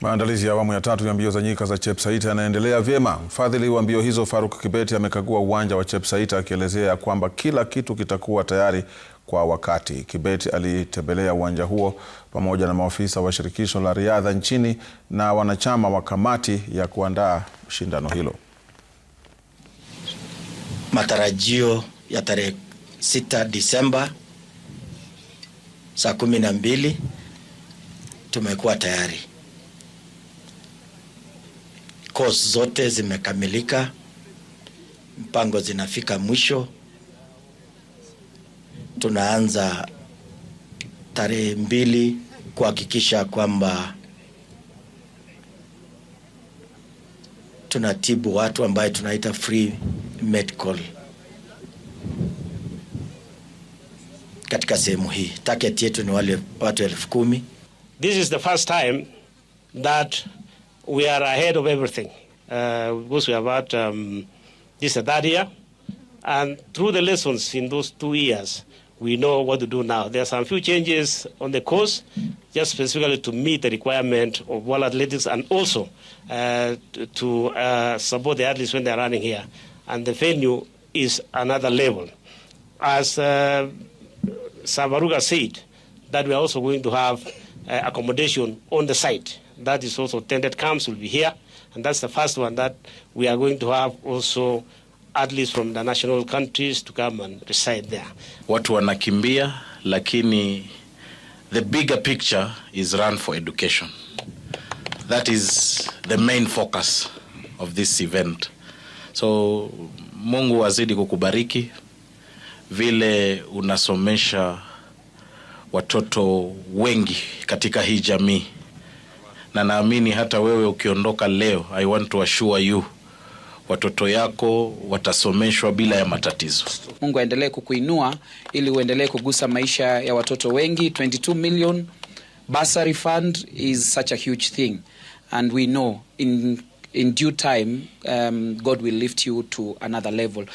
Maandalizi ya awamu ya tatu ya mbio za nyika za Chepsait yanaendelea vyema. Mfadhili wa mbio hizo Faruk Kibeti amekagua uwanja wa Chepsait akielezea kwamba kila kitu kitakuwa tayari kwa wakati. Kibeti alitembelea uwanja huo pamoja na maofisa wa shirikisho la riadha nchini na wanachama wa kamati ya kuandaa shindano hilo. Matarajio ya tarehe 6 Disemba saa 12 tumekuwa tayari course zote zimekamilika, mpango zinafika mwisho. Tunaanza tarehe mbili kuhakikisha kwamba tunatibu watu ambaye tunaita free medical katika sehemu hii. Target yetu ni wale watu elfu kumi. This is the first time that we are ahead of everything uh, because we have had um, this and that year. And through the lessons in those two years, we know what to do now. There are some few changes on the course, just specifically to meet the requirement of World Athletics and also uh, to uh, support the athletes when they're running here. And the venue is another level. As uh, Savaruga said, that we are also going to have uh, accommodation on the site. that is also tended camps will be here and that's the first one that we are going to have also at least from the national countries to come and reside there. Watu wanakimbia lakini the bigger picture is run for education. That is the main focus of this event. So Mungu azidi kukubariki vile unasomesha watoto wengi katika hii jamii na naamini hata wewe ukiondoka leo, I want to assure you watoto yako watasomeshwa bila ya matatizo. Mungu aendelee kukuinua ili uendelee kugusa maisha ya watoto wengi. 22 million bursary fund is such a huge thing and we know in, in due time um, God will lift you to another level.